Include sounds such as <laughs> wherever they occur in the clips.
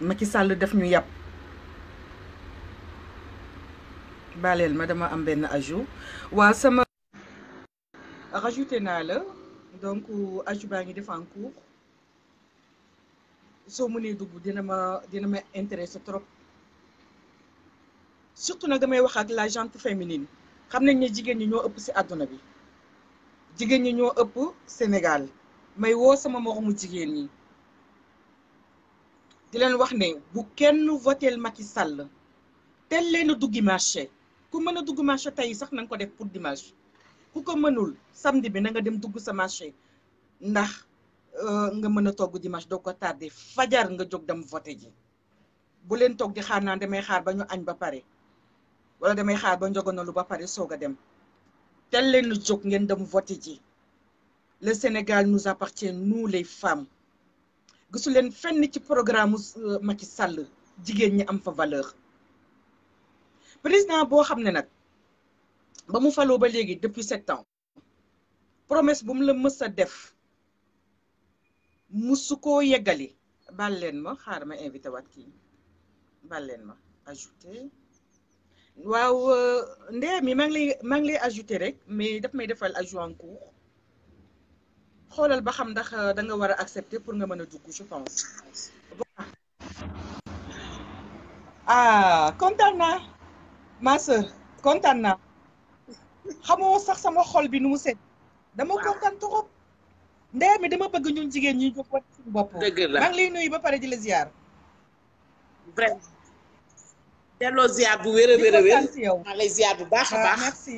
Macky sàll def ñu yàpp baleel ma dama am benn ajout waa sama rajouté naa la donc ajout baa ngi def en cours soo mënee dugg dina ma dina ma intéressé trop surtout nag damay wax ak la gente féminine xam nañ ne jigéen ñi ñoo ëpp ci àdduna bi jigéen ñi ñoo ëpp Sénégal may woo sama moromu jigéen ñi di leen wax ne bu kenn voteel Macky Sall teel leen duggi marché ku mën a dugg marché tey sax na ko def pour dimanche ku ko mënul samedi bi na nga dem dugg sa marché ndax euh, nga mën a togg dimanche doo ko tardé fajar nga jóg dem voté ji bu leen togg di xaar naa damay xaar ba ñu añ ba pare walla damay xaar ba njogonalu ba pare soog a dem teel leen jóg ngeen dem voté ji le Sénégal nous appartient nu les femmes gisuleen leen fenn ci programme euh, ma ci sàll jigéen ñi am fa valeur président boo xam ne nag ba mu faloo ba léegi depuis sept ans promesse bu mu la mës a def musu ko yeggali baal leen ma xaar ma invité waat kii baal leen ma ajouté waaw euh, ndee mi maa ngi lay maa lay ajouté rek mais daf may defal ajout en xoolal ba xam ndax euh, da nga war a accepter pour nga mën a dugg je pense. ah kontaan na ma soeur kontaan xamoo sax sama xol bi nu mu set. dama kontaan trop. ndey mi dama bëgg ñu jigéen ñi jóg wat suñu bopp. dëgg la maa lay nuyu ba pare di la ziar. vraiment. bu wér a wér a wér maa lay bu baax a ah, baax. merci.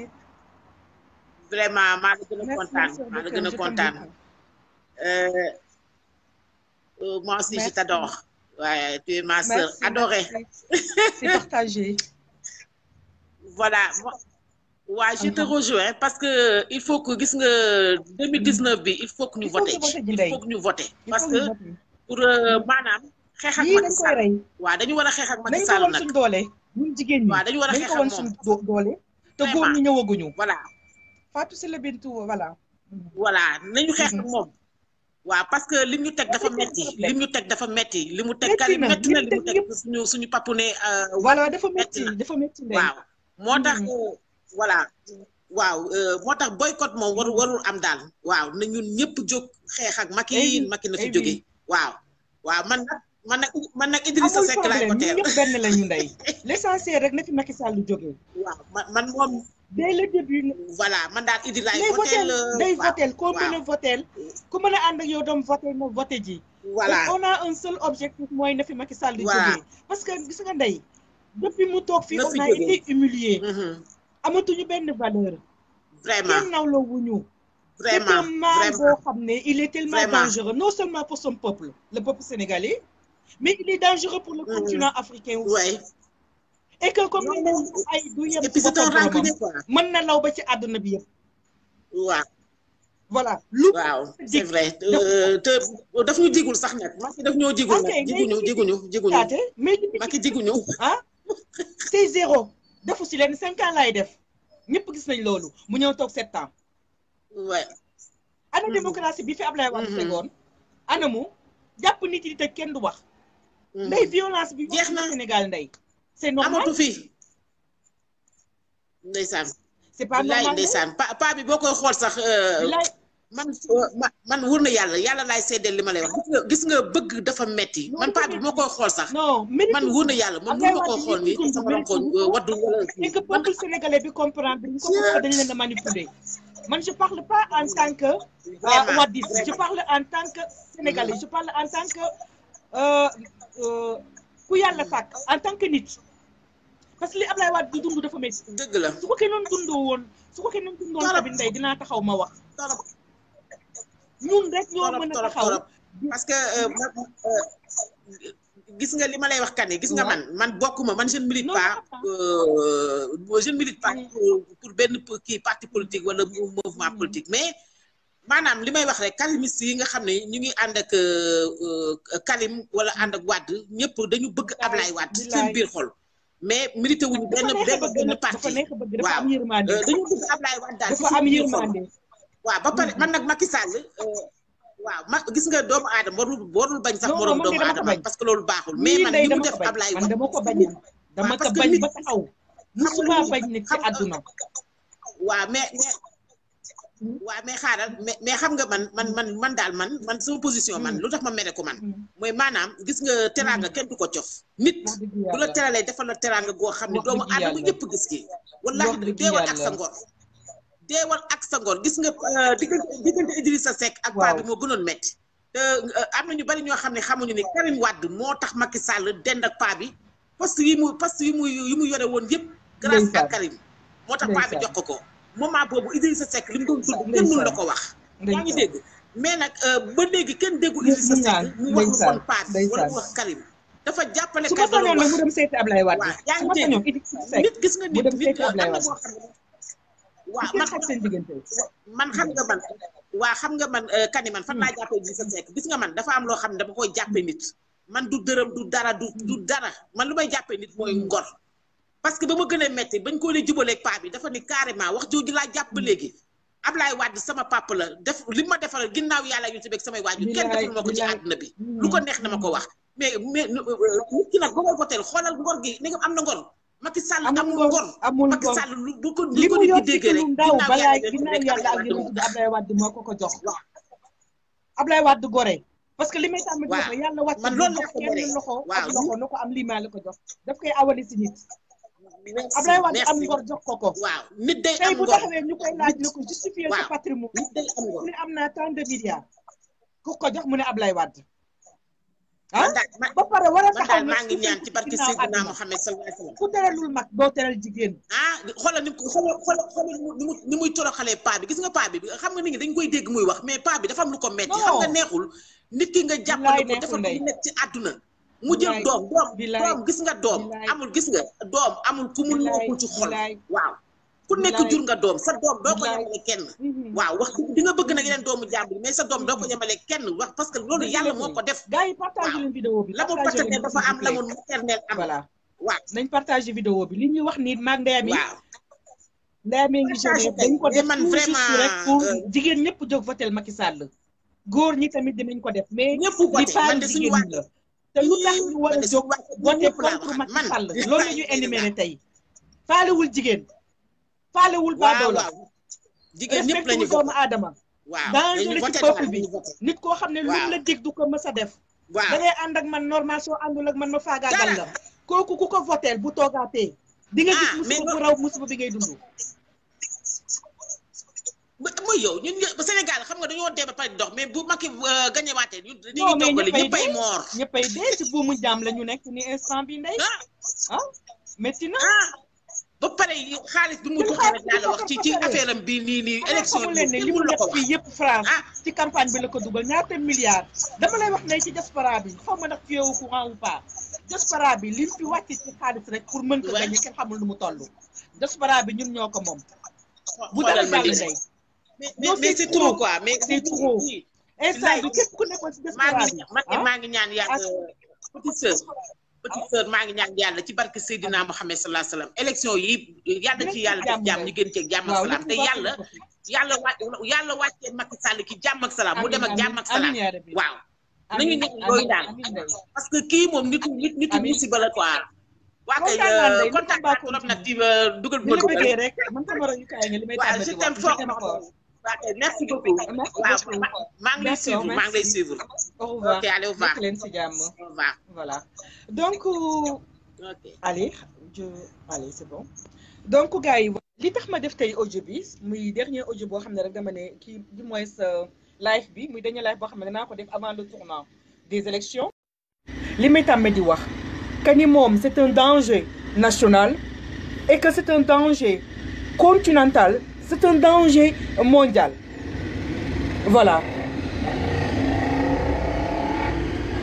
vraiment maa la gën a kontaan maa Euh, euh, moi aussi, je t'adore. Ouais, tu es ma soeur merci, adorée. <laughs> voilà. Ouais, je te rejoins parce que il faut que, gis nga 2019 bi, il faut que ñu voté. Il faut que ñu voté. Parce que pour euh, maanaam xeex ak Macky Sall. Waaw dañu war a xeex ak Macky Sall nag. Dañu ko won suñu doole. Ñun jigéen ñi. Waaw dañu war a xeex ak moom. Dañu ko won suñu doole. Te góor ñi ñëwaguñu. Voilà. Fatou Seye nañu xeex ak mhm. moom. waaw parce que lim ñu teg dafa metti lim ñu teg dafa metti li mu teg kari metti na li mu teg suñu suñu papu ne euh, voilà dafa metti dafa metti waaw moo tax mm-hmm. voilà waaw euh, moo tax boycott moom waru mm-hmm. warul am daal waaw na ñun ñëpp jóg xeex ak Macky yi Macky na fi jóge waaw waaw man nag man nag man nag Idrissa Seck laay ko teel ñëpp benn la ñu ndey <laughs> l'essentiel rek na fi Macky Sall jóge waaw man moom dès le début. voilà man daal Idrissa votel day votel koo mën votel ku mën a ànd yow doom voté na voté ji. voilà on a un seul objectif mooy na fi Macky Sall di jógee parce que gis nga ndey depuis mu toog fi on a été humilié mm-hmm. amatuñu benn valeur. vraiment kenn nawloo wuñu. vraiment c'est un mal ne il est tellement dangereux non seulement pour son peuple le peuple sénégalais mais il est dangereux pour le mm-hmm. continent africain aussi. et que comme ni ay du yem. mën na law ba ci àdduna bi yëpp. waaw. voilà lu. waaw c'est vrai euh, te daf ñu jigul sax nag. Macky daf ñoo jigul nag jiguñu jiguñu jiguñu. mais Macky jiguñu. ah c'est zéro. defu si leen cinq ans def ñëpp gis nañ loolu mu ñëw toog sept ans. waaw. ana mm-hmm. bi fi Ablaye Wade mm-hmm. tegoon. mu jàpp nit yi te kenn du wax. Mm-hmm. ndey violence bi. jeex na Sénégal ndey. c'est normal amatu ah, fi. ndeysaan. c'est pas bi boo koy xool sax. Euh, man man wóor na yàlla yàlla laay seddeel li ma lay wax gis nga bëgg dafa metti man paa bi moo koy xool sax man wóor na yàlla man mënu ma koo xool ni sama ko euh, waddu et que peuple sénégalais bi comprendre ko dañ leen a manipuler man je parle pas en tant que euh, wadis mm-hmm. je parle en tant que sénégalais je parle en tant que ku yàlla sàkk en tant que nit parce que li Ablaye Wade di dund dafa métti. dëgg la su ko keneen dundoo woon su ko keneen dundoon tamit ndey dinaa taxaw ma wax. ñun rek ñoo mën a taxaw parce que euh, euh, gis nga li ma lay wax kane gis nga man man bokkuma man je ne milite pas euh, je mm. pour benn kii parti politique wala mouvement mm. politique mais maanaam li may wax rek karimiste yi nga xam ne ñu ngi ànd ak Karim wala ànd ak Wade ñëpp dañu bëgg Ablaye Wade seen biir xol. mais milité wuñu benn benn benn parti waaw euh, dañu bëgg Ablaye Wade daal dafa am yërmande waaw ba pare man nag Macky Sall euh, waaw ma gis nga doomu aadama warul warul bañ sax morom doomu aadama parce que loolu baaxul mais man li mu def Ablaye Wade dama ko bañ dama ko bañ ba taxaw musuma bañ nit ci àdduna waaw mais Mm-hmm. waaw mais xaaral mais xam nga man man man man daal man man sama position man mm-hmm. lu tax ma mere ko man mm-hmm. mooy maanaam gis nga teraanga kenn du ko cof nit bu la teralee dafa la teraanga goo xam ne doomu aadama yëpp gis ki wallaahi deewal ak sa ngor deewal ak sa ngor gis nga euh, diggante diggante Idrissa Seck ak paa bi moo gënoon metti euh, am na ñu bari ñoo xam ne xamuñu ni Karim Wade moo tax Macky Sall dend ak paa bi poste yi mu poste yi mu yi mu yore woon yëpp grâce à Karim moo tax paa bi jox ko ko moment boobu Idrissa Seck li mu doon dund kenn mënu la ko wax yaa ngi dégg mais nag euh, ba léegi kenn déggu Idrissa Seck mu wax lu bon parti wala wax Karim dafa jàppale su ma tooñoon nag mu dem seeti Ablaye Wade waaw yaa ngi gis nga nit nit am na boo xam ne waaw man xam seen diggante man xam nga man waa xam nga man euh, kani man fan laa jàppee Idrissa Seck gis nga man dafa am loo xam ne dama koy jàppee nit man du dërëm du dara du du dara man lu may jàppee nit mooy ngor parce que ba ma gën a metti bañ ko ne jubaleeg paa bi dafa ni carrément wax jooju laa jàpp léegi Ablaye Wade sama papa la def li ma defaral ginnaaw yàlla yu tubéeg samay waajur ko ci mm. neex na ma ko wax mais mais nit euh, euh, ki nag gi ni nga am na ngor Macky Sall amul ngor amul ngor Macky Sall lu ko lu rek ginnaaw yàlla ginnaaw yàlla ak bi moo ko ko jox Ablaye Wade gore parce que li may tàmm di wax yàlla wàcc man loolu la ko kenn loxo ak loxo na ko am lii maa la ko jox daf koy awali si nit nañ si Ablaye Wade am ngor jox ko ko. waaw nit day am ngor tey bu taxawee ñu koy laaj ne ko justifier sa patrimoine. nit day am na mu ne am de milliards. ku ko jox mu ne ab lay ah ba pare war a taxaw maa ngi ñaan ci barke Seydina Mohamed sallallahu alayhi wa sallam ku teralul mag doo teral jigéen. ah xoolal ni xoolal xoolal xoolal muy ni muy toroxalee bi gis nga paa bi xam nga nit ñi dañ koy dégg muy wax mais paa bi dafa am lu ko metti xam nga neexul nit ki nga jàppale ko dafa nekk ci àdduna mu jël doom doom doom gis nga doom amul gis nga doom amul ku mu nekkul ci xol waaw ku nekk jur nga doom sa doom doo ko yemale kenn mhm. waaw wax di nga bëgg nag yeneen doomu jàmbur mais sa doom doo ko yemale kenn wax parce que loolu yàlla moo ko def gars yi partage leen vidéo bi l'amour paternel dafa am l'amour maternel am voilà waaw nañ partage vidéo bi li ñuy wax nii maag ndeyam yi ndeyam yi ngi dañ ko def man vraiment rek pour euh, jigéen ñëpp jóg votel Macky Sall góor ñi tamit dinañ ko def mais ñëpp voté man de suñu wàll te lu tax ñu war a jóg woote contre Macky Sall loolu tey faalewul jigéen faalewul baadoola jigéen ñëpp lañu doomu aadama waaw danger la ci peuple bi nit koo xam ne lu la dig du ko mës a def da ngay ànd ak man normal soo àndul ak man ma faagaagal la kooku ku ko voteel bu toogaatee di nga gis ah, musiba bu raw musiba bi ngay dund mooy yow ñun Sénégal xam nga dañoo dee ba pare dox mais bu Macky euh, gagné waatee ñun ñu ngi doggale ñëppay moor ñëppay dee ci buumu jaam la ñu nekk ni instant bi ndey ah, ah métti na ah. ba pare xaalis bi mu joxe rek daal la wax ci ci affaire am bii nii nii ah, élection bi leen ne li mu def fii yëpp France ci campagne bi la ko dugal ñaata milliards dama lay wax ne ci diaspora bi xaw ma ndax ci yow courant ou pas diaspora bi li mu fi wàcc ci xaalis rek pour mën ko gagné kenn xamul nu mu toll diaspora bi ñun ñoo ko moom bu dara jàll ndey mais mais c'est trop quoi mais c'est trop. instant bi képp ku nekkoon si désespérance maa ngi ñaan ah. yàlla petite sœur petite sœur maa ngi ñaan yàlla ci barke Seydina Mohamed salaa salaam élection yi yàlla ci yàlla def jàmm ñu gën cee jàmm ak salaam te yàlla yàlla wa yàlla wàccee Macky Sall ki jàmm ak salaam mu dem ak jàmm ak salaam waaw nañu nekk looy daal parce que kii moom nitu nit nitu si la quoi waa kay kontaan naa euh, trop nag di euh, dugal dugal rek waaw je t'aime fort merci beaucoup merci beaucoup maa ngi lay suivre maa ngi lay suivre. au revoir ok allez leen si jàmm. voilà donc. Euh, ok allez je allez c'est bon. donc gars yi li tax ma def tey audio bi muy dernier audio boo xam ne rek dama ne kii du moins euh, live bi muy dernier live boo xam ne naa ko def avant le tournant des élections li may tàmme di wax que ni moom c'est un danger national et que c'est un danger continental. c'est un danger mondial voilà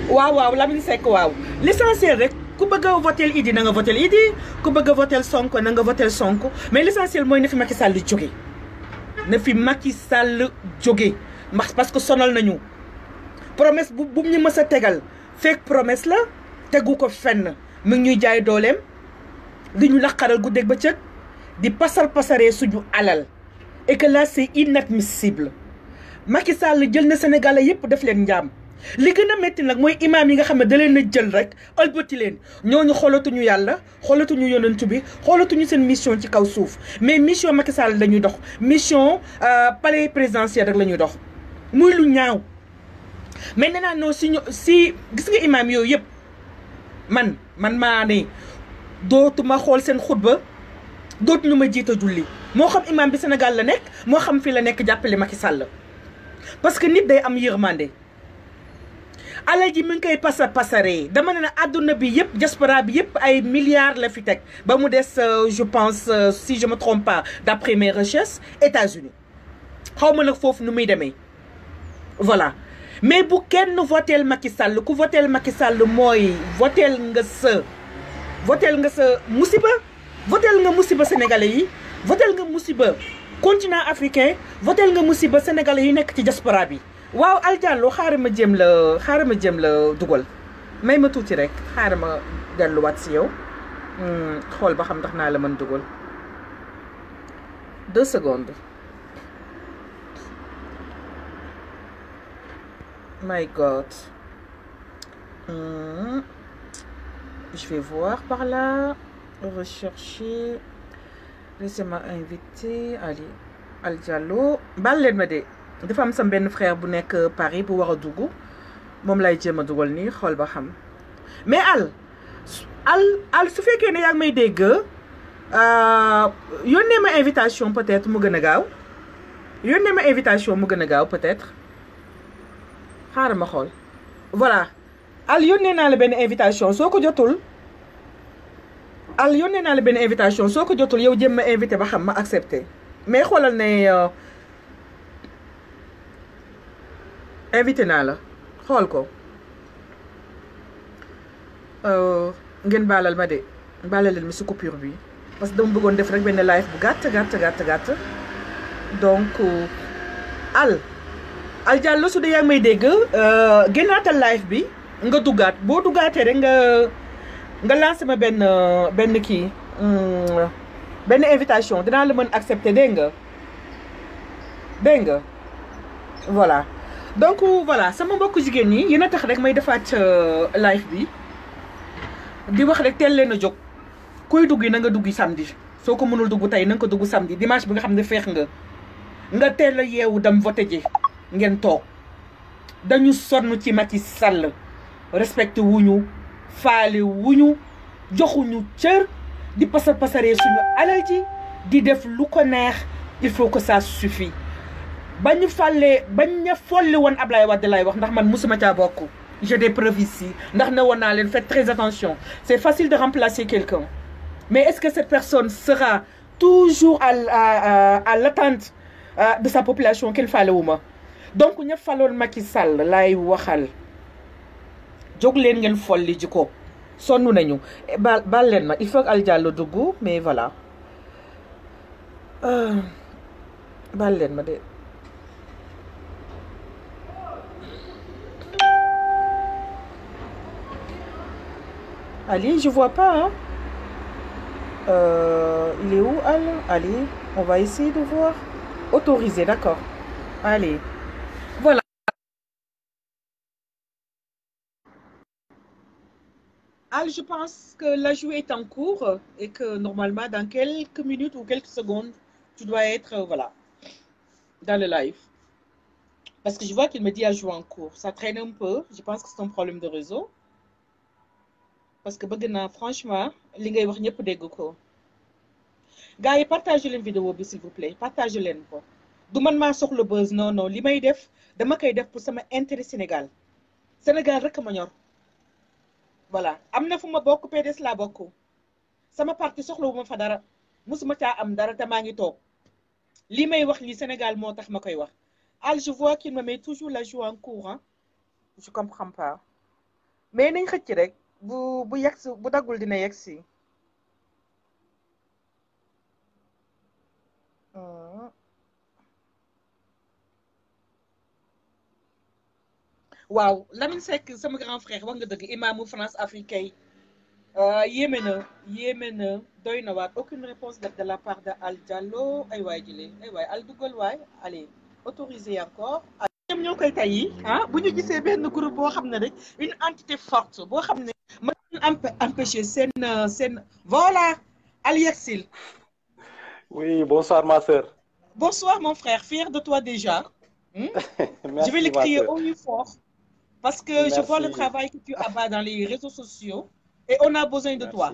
waaw waaw Lamine Seck waaw l'essentiel rek ku bëgg a votel Idi na nga votel Idi ku bëgg a votel Sonko na nga votel Sonko mais l'essentiel mooy na fi Macky Sall jóge na fi Macky Sall jóge ndax parce que sonal nañu promesse bu bu ñu mës tegal fekk promesse la tegu ko fenn mu ngi ñuy jaay dooleem di ñu laqaral guddeeg bëccëg di pasar pasaree suñu alal et que là c'est inadmissible Macky Sall jël na Sénégalais yëpp def leen njaam li gën a métti nag mooy imaam yi nga xam ne da leen jël rek ëlbati leen ñoo ñu xoolatuñu yàlla xoolatuñu yonent bi xoolatuñu seen mission ci kaw suuf mais mission Macky Sall lañuy dox mission euh, palais présidentiel rek la ñuy dox muy lu ñaaw mais nee naa non si si gis nga imaam yooyu yëpp man man maa ne dootuma xool seen xutba dootuñu ma jiite julli moo xam imam bi Sénégal la nekk moo xam fii la nekk jàppale ma Macky Sall parce que nit day am yërmande alal ji mi ngi koy pasa pasaree dama ne na àdduna bi yëpp diaspora bi yëpp ay milliards la fi teg ba mu des euh, je pense euh, si je me trompe pas d'après mes recherches États-Unis xaw ma nag foofu nu muy demee voilà mais bu kenn voteel Macky Sall ku voteel Macky Sall mooy voteel nga sa voteel nga sa musiba votel nga musiba sénégalais yi votel nga musiba continent africain votel nga musiba sénégalais yi nekk ci diaspora bi waaw aljallo xaaral ma jéem la xaaral ma jéem la dugal may ma tuuti rek xaaral ma delluwaat si yow hmm, xool ba xam ndax naa la mën dugal deux my god hmm, je vais voir par là rechercher récemment invité Ali Al Diallo baal leen ma de dafa am sam benn frère bu nekk Paris bu war a dugg moom lay jéem a dugal nii xool ba xam mais Al Al Al su fekkee ne yaa ngi may dégg euh, yónnee ma invitation peut-être mu gën a gaaw yónnee ma invitation mu gën a gaaw peut-être xaaral ma xool voilà Al yónnee naa la benn invitation soo ko jotul. al yónnee naa la benn invitation soo jotul yow jëm invité ba xam ma accepté mais xoolal ne euh, naa la xool ko euh, ngeen baalal ma de baalaleel ma si coupure bi parce que dama bëggoon def rek benn live bu gàtt gàtt gàtt gàtt donc euh, al jàll su dee yaa ngi may dégg génnaatal live bi nga duggaat boo duggaatee rek nga nga lancé ma benn euh, benn kii hmm, benn invitation dinaa la mën accepter dégg nga dégg nga voilà donc voilà sama mbokku jigéen ñi yéen a tax rek may defaat euh, live bi di wax rek teel leen a jóg kuy dugg yi na nga dugg samedi soo ko mënul dugg tey nanga ko dugg samedi dimanche bi nga xam ne feex nga nga teel a yeewu dam voté ji ngeen toog dañu sonn ci Macky Sall respecté ñu faale wuñu joxuñu cër di pasar pasaree suñu alal ji di def lu ko neex il faut que ça suffit ba ñu fàllee bañ ña folli woon Ablaye Wade lay wax ndax man musuma caa bokku j'ai des preuves ici ndax ne woon naa leen faites très attention c'est facile de remplacer quelqu'un mais est-ce que cette personne sera toujours à à à l'attente euh, de sa population qu'il fallait wu ma donc ña faloon Macky Sall laay waxal jóg leen ngeen folli ji ko sonn nañu eh, baal baal leen ma il faut que Al Diallo dugg mais voilà euh, baal leen ma de. Ali, je vois pas. Hein? Euh, Al Ali, on va essayer de voir. Autorisé, d'accord. Al, je pense que la jouée est en cours et que normalement, dans quelques minutes ou quelques secondes, tu dois être euh, voilà, dans le live. Parce que je vois qu'il me dit à jouer en cours. Ça traîne un peu. Je pense que c'est un problème de réseau. Parce que franchement, gars yi partagez leen vidéo bi s'il vous plaît partagez leen ko du man maa soxla buzz non non li may def dama koy def pour sama intérêt Sénégal Sénégal rek ma voilà am na fu ma bokk PDS laa bokk sama parti soxlawu ma fa dara musuma caa am dara te maa ngi toog li may wax ni Sénégal moo tax ma koy wax al je vois qu'il mais toujours la joue en courant je comprends pas mais nañ xëcc rek bu bu yegsi bu daggul dina yegsi waaw Lamine Seck sama grand frère wax nga dëgg imaamu France Afrique yi euh, yéeme na yéeme doy na waat aucune réponse de la part de Al Diallo ay waay jëlee Al dugal waay allez autorisé encore. ñoom ñoo koy tey yi ah bu ñu gisee benn groupe boo xam ne rek une entité forte boo xam ne mën nañu empêcher sen euh, seen voilà Al Yersil. oui bonsoir ma soeur. mon frère fier de toi déjà. Hmm? <laughs> Merci, je vais l'écrire au haut fort. Parce que Merci. je vois le travail que ah. dans les réseaux sociaux et on a besoin de Merci. toi.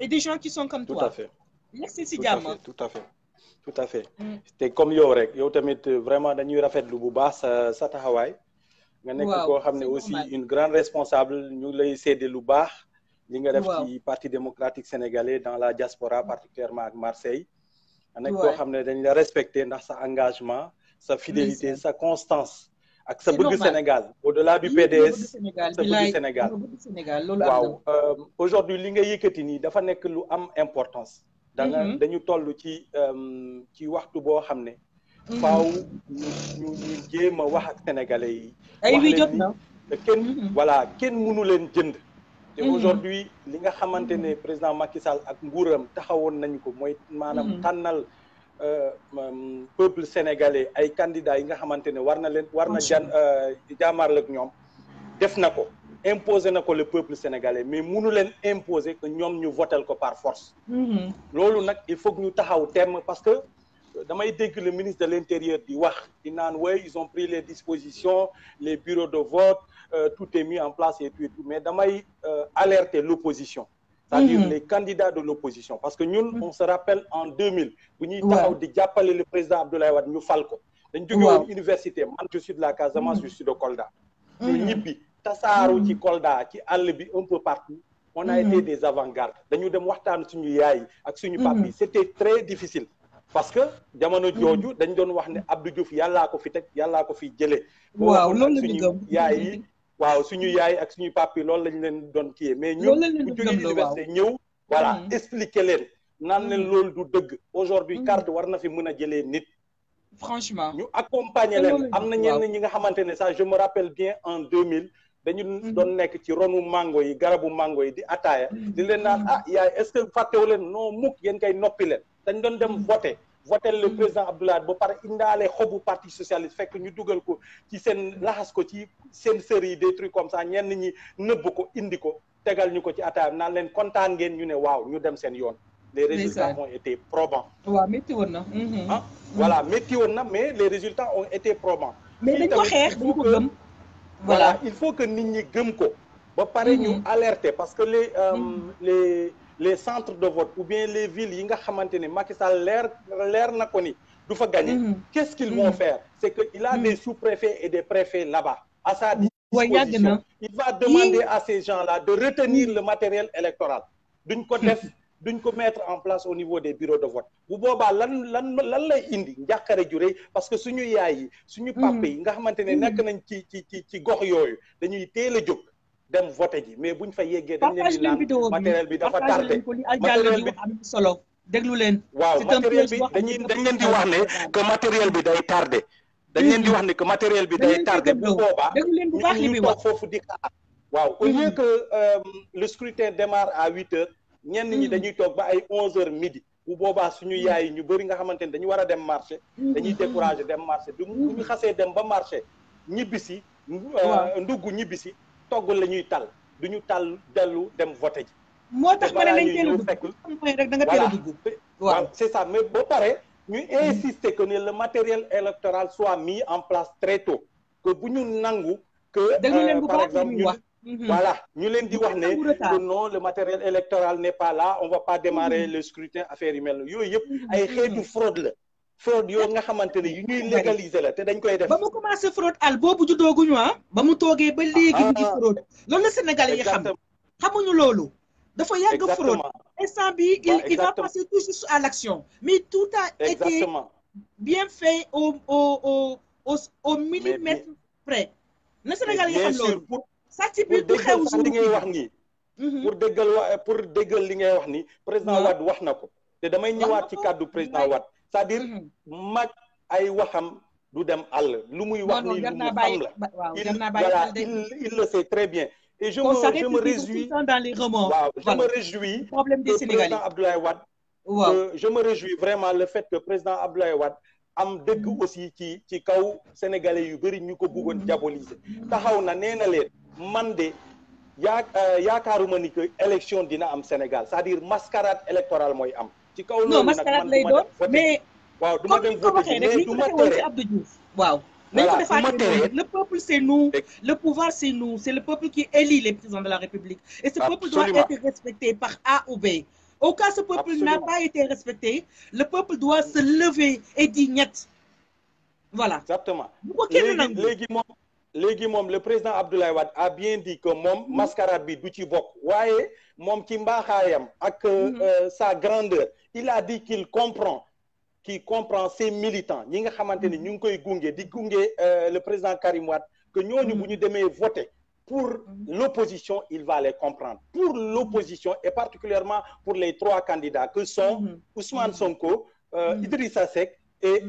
Et des gens qui sont comme tout toi. Tout à fait. Merci Tout à fait. Tout à fait. Mm. te comme yow rek yow tamit euh, vraiment dañuy rafetlu bu baax sa sa taxawaay. nga nekk koo xam ne aussi une grande responsable ñu lay séddee lu baax. li nga def ci parti démocratique sénégalais dans la diaspora particulièrement ak Marseille. nga nekk koo xam ne dañ la respecté ndax sa engagement. sa fidélité sa constance. ak sa bëgg Sénégal au delà du PDS sa bëgg Sénégal waaw euh, aujourd'hui li nga yëkkati nii dafa nekk lu am importance da mhm. dañu toll ci euh, ci waxtu boo xam ne mhm. ñu ñu jéem a wax ak sénégalais yi ay wi jot na kenn mhm. voilà kenn mënu leen jënd te aujourd'hui li nga xamante ne président Macky ak nguuram taxawoon nañu ko mooy maanaam tànnal Euh, peuple sénégalais ay candidats yi nga xamante ne war na leen war na jan euh, jaamaarle ak ñoom def na ko imposé na ko le peuple sénégalais mais munu leen imposer que ñoom ñu votel ko par force mm-hmm. loolu nag il faut ñu taxaw temm parce que damay dégg le ministre de l'intérieur di wax i naan way ils ont pris les dispositions les bureaux de vote euh, tout est mis en place et tout mais damay alerter l'opposition c'est-à-dire mm -hmm. les de l'opposition parce que ñun on se rappelle en mille bu ñuy taxaw di jàppale le président Abdoulaye Wade ñu fal ko dañ jóge woon université man je la Casamance je suis de Kolda mhm. ñu ñibbi tasaaru mhm. ci Kolda ci àll bi un peu partout on a mhm. été des avant-gardes dañu dem waxtaan suñu yaay ak suñu papi c'était très difficile parce que jamono jooju dañ doon wax ne Abdou Diouf yàllaa ko fi teg yàllaa ko fi jëlee. waaw loolu la ñu yaay yi waaw suñu hmm. yaay ak suñu papi loolu lañ leen doon kii mais ñun bu jógee université ñëw voilà hmm. expliquer leen naan leen hmm. loolu du dëgg aujourd'hui carte war na fi mën a jëlee nit franchement ñu accompagner leen am na ñenn ñi nga xamante ne ça je me rappelle bien en deux mille dañu doon nekk ci ronu mango yi garabu mango yi di ataaya di leen naan ah yaay est-ce que fàttewu leen non mukk yéen kay noppi leen dañ doon dem voter votel le président Abdoulaye ba pare indaale xobu parti socialiste fekk ñu dugal ko ci seen laxas ko ci seen série yi des trucs comme ça ñenn ñi nëbb ko indi ko tegal ñu ko ci ataayam naan leen kontaan ngeen ñu ne waaw ñu dem seen yoon les résultats ont été probants waaw métti woon na mhm. ah voilà woon na mais les résultats ont été probants mais dañ ko xeex dañ ko gëm voilà il faut que nit ñi gëm ko ba pare ñu mhm. alerter parce que les euh, mhm. les les centres de vote ou bien les villes yi nga xamante ne Macky leer leer na ko ni du fa gagner mm-hmm. qu'est-ce qu'ils vont mm-hmm. faire c'est que il a mm-hmm. des sous-préfets et des préfets là-bas à sa disposition il va demander à ces gens-là de retenir le matériel électoral duñ ko def duñ ko mettre en place au niveau des bureaux de vote bu boobaa lan lan lan lay indi njàqare ju parce que suñu yaay yi suñu papa yi nga xamante ne nekk nañ ci ci ci ci gox yooyu dañuy teel a jóg dem voté ji mais buñ fa yeggee dañ leen di naan matériel bi dafa tardé matériel bi solo déglu leen waaw matériel bi dañuy dañ leen di wax ne que matériel bi day tardé dañ leen di wax ne que matériel bi day tardé bu boobaa ñu ñu toog foofu di xaar waaw au lieu que euh, le scrutin démarre à huit heures ñenn ñi hmm. dañuy toog ba ay onze heures midi bu boobaa suñu hmm. yaay ñu bëri nga xamante ne dañuy war a dem marché hmm. dañuy découragé dem marché du ñu xasee dem ba marché ñibbisi euh, ndugg ñibbisi togg la ñuy tal du ñu tal dellu dem voté ji. moo tax ma ne nañ teel a dugg ça mais ba pare ñu insister que ne le matériel électoral soit mis en place très tôt que bu ñu nangu. que euh, par exemple ñu mhm. ñu leen di wax ne que non le matériel électoral n'est pas là on va pas démarrer mhm. le scrutin affaire yu mel yooyu yëpp mhm. ay xeetu fraude la. fraude yoo nga xamante ne yu ñuy légaliser la te dañ koy def. ba mu commencé fraude al boobu juddooguñu ah. ba mu toogee ba léegi mu ngi ah. fraude. loolu la Sénégalais yi xam xamuñu loolu. dafa yàgg fraude instant bi il il va passer tout juste à l'action mais tout a été bien fait au au au au près. na Sénégal yi xam loolu pour sàcc bi du xew li ngay wax nii mm-hmm. Mm-hmm. pour déggal pour déggal li ngay wax ni président Wade wax na ko te damay ñëwaat ci kàddu président Wade c'est-à-dire hmm. mag ay waxam du dem àll lu muy wax ni lu mu xam la voilà il le sait très bien et je me je me réjouis je me réjouis problème des Sénégalais je me réjouis vraiment le fait que président Abdoulaye Wade am dëgg hmm. aussi ci ci kaw sénégalais yu bëri ñu ko bëggoon hmm. diaboliser taxaw na nee na man de yaa euh, yaakaaruma ni que élection dina am Sénégal c'est-à-dire mascarade électorale mooy am. ci kaw loolu nag man lay doon mais. waaw du ma dem vote mais du ma tere Abdou Diouf waaw. nañ ko defaat le peuple c'est nous le pouvoir c'est nous c'est le peuple qui élit les présidents de la République et ce peuple doit être respecté par A ou B au cas ce peuple n'a pas été respecté le peuple doit se lever et dire ñett voilà. exactement bu ko kenn nangu léegi moom léegi moom le président Abdoulaye Wade a bien dit que moom mm-hmm. mascarade bi du ci bokk waaye moom ci mbaaxaayam ak euh, mm-hmm. euh, sa grandeur il a dit qu'il comprend qu'il comprend ses militants ñi nga xamante ni mm-hmm. ñu ngi koy gunge di gunge euh, le président Karim Wade que ñooñu bu ñu demee voter pour l'opposition il va les comprendre pour l'opposition et particulièrement pour les trois candidats que sont Ousmane Sonko Idrissa Seck et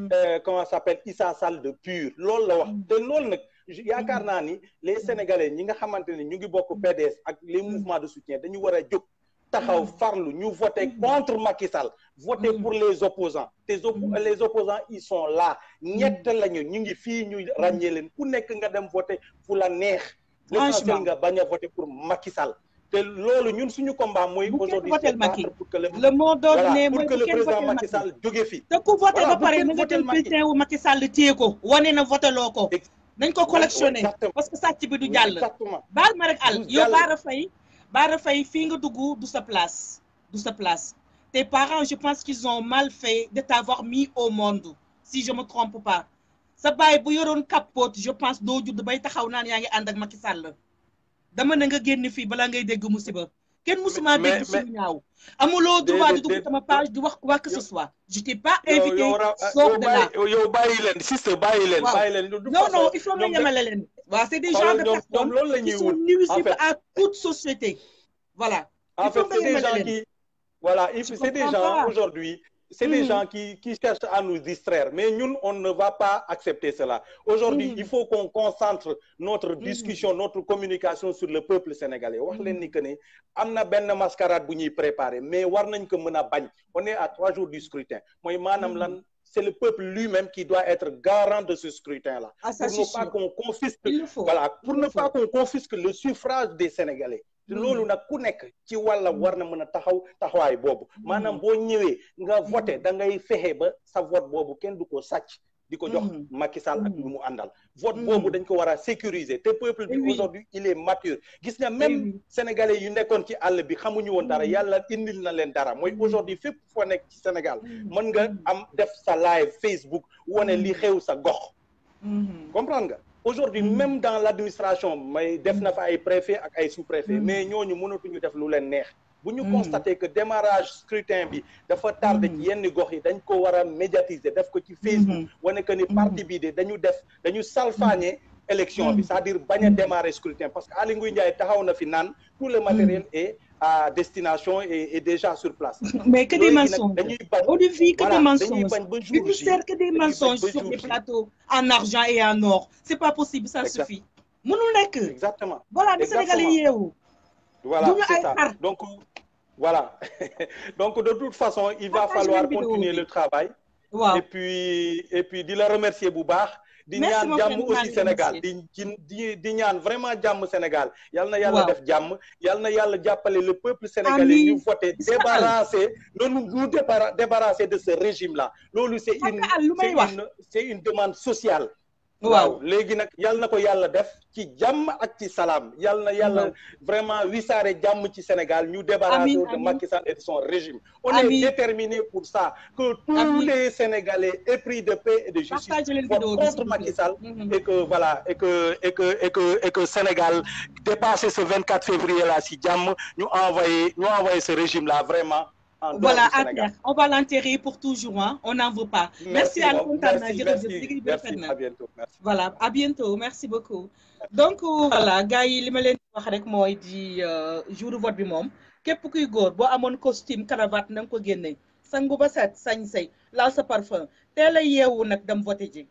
comment s'appelle Issa salle de PUR loolu la wax te loolu nag yaakaar naa ni les sénégalais ñi nga xamante ne ñu ngi bokk PDS ak les mm. mouvements de soutien dañu war a jóg taxaw mm. farlu ñu voter mm. contre Macky Sall voter pour les opposants te les opposants ils sont là ñett lañu ñu ngi fii ñu ràññee leen ku nekk nga dem voter fu la neex l'essentiel nga bañ a voter pour Macky Sall te loolu ñun suñu combat mooy aujourd'hui pour que le mot d'ordre ne pour que le président Macky Sall jóge fi te ku voter ba pare na nga jël bulletin ko wane na voteloo ko nañ ko collectionné parce que sàcc bi du jàll baal ma rek àll yow baara fay baara fay fii nga dugg du sa place du sa place tes parents je pense qu'ils ont mal fait de t'avoir mis au monde si je me trompe pas sa baay bu yoroon capote je pense doo judd bay taxaw naan yaa ngi ànd ak Macky sàll dama na nga génn fii balaa ngay dégg musiba kenn musuma a suñu ñaaw amuloo droit di dugg sama page di wax quoi que ce soit je t'ai pas invité soof de là yow bàyyi leen non non il faut nga ñamale leen waaw c'est des gens de personnes qui sont nuisibles à toute société voilà il faut nga ñamale leen voilà c'est des gens aujourd'hui c'est des mmh. gens qui, qui cherchent à nous distraire. Mais nous, on ne va pas accepter cela. Aujourd'hui, mmh. il faut qu'on concentre notre mmh. discussion, notre communication sur le peuple sénégalais. Amna ben mascarade bouni préparé, mais warnen que mena bagne. On est à trois jours du scrutin. Moi, manam lan, c'est le peuple lui-même qui doit être garant de ce scrutin-là. Ah, pour ne pas qu'on confisque, voilà, pour ne pas qu'on confisque le suffrage des Sénégalais. Mm-hmm. loolu nag ku nekk ci wàlla mm-hmm. war na mën a taxaw taxawaay boobu mm-hmm. maanaam boo ñëwee nga voté da ngay fexe ba sa vote boobu kenn du ko sàcc di ko jox Macky Sall ak lu mu àndal vote boobu dañ ko war a sécuriser te peuple bi eh aujourd'hui il est mature gis nga eh même sénégalais yu nekkoon ci àll bi xamuñu woon dara yàlla indil na leen dara mooy aujourd'hui fépp foo nekk ci Sénégal mën nga am def sa live Facebook wane li xew sa gox comprendre nga aujourd'hui hmm. même dans l'administration may def na fa ay préfet ak ay sous-préfet hmm. mais ñooñu mënatuñu def lu leen neex bu ñu hmm. constaté que démarrage scrutin bi dafa tardé ci yenn gox yi dañ ko war a médiatiser def ko ci Facebook wane que ni parti bi de dañu def dañu salfaañe élection bi hmm. c'est-à-dire bañ a démarrer scrutin parce que Aly Ngouille Ndiaye taxaw na fi naan tout le matériel hmm. à destination et est déjà sur place. mais que des mensonges dañuy bañ au de vie que des mensonges il nous sur des plateaux en argent et en or c'est pas possible ça suffit. mënul nekk exactement voilà di Sénégal yi yeewu. voilà c'est ça donc voilà <laughs> donc de toute façon il va falloir continuer le travail. et puis et puis di la remercier bu baax. di ñaan jàmm aussi Sénégal di di di ñaan vraiment jàmm Sénégal yal na yàlla def jàmm yal na yàlla jàppale le peuple sénégalais ñu voté débarrassé noonu nous débarrassé de ce régime là loolu c'est une c'est une demande sociale waaw léegi nag yal na ko yàlla def ci jàmm ak ci salaam yal na yàlla vraiment wisaare jàmm ci Sénégal ñu débarrasser de Macky Sall et de son régime on est déterminé pour ça que tous les Sénégalais épris de paix et de justice votent contre Macky mm-hmm. et que voilà et que et que et que et que Sénégal dépasse ce 24 février là si jàmm ñu envoyé ñu envoyé ce régime là vraiment en voilà à terre on va l'enterrer pour toujours on n'en veut pas. merci Alcantara jërëjëf liggéey bi rafet na voilà à bientôt merci beaucoup. donc euh, voilà gars yi li ma leen wax rek mooy di euh, jour vote bi moom képp kuy góor bo amoon costume cravate na nga ko génne sangu ba set sañ say laal sa parfum teel a yeewu nag dem voté ji.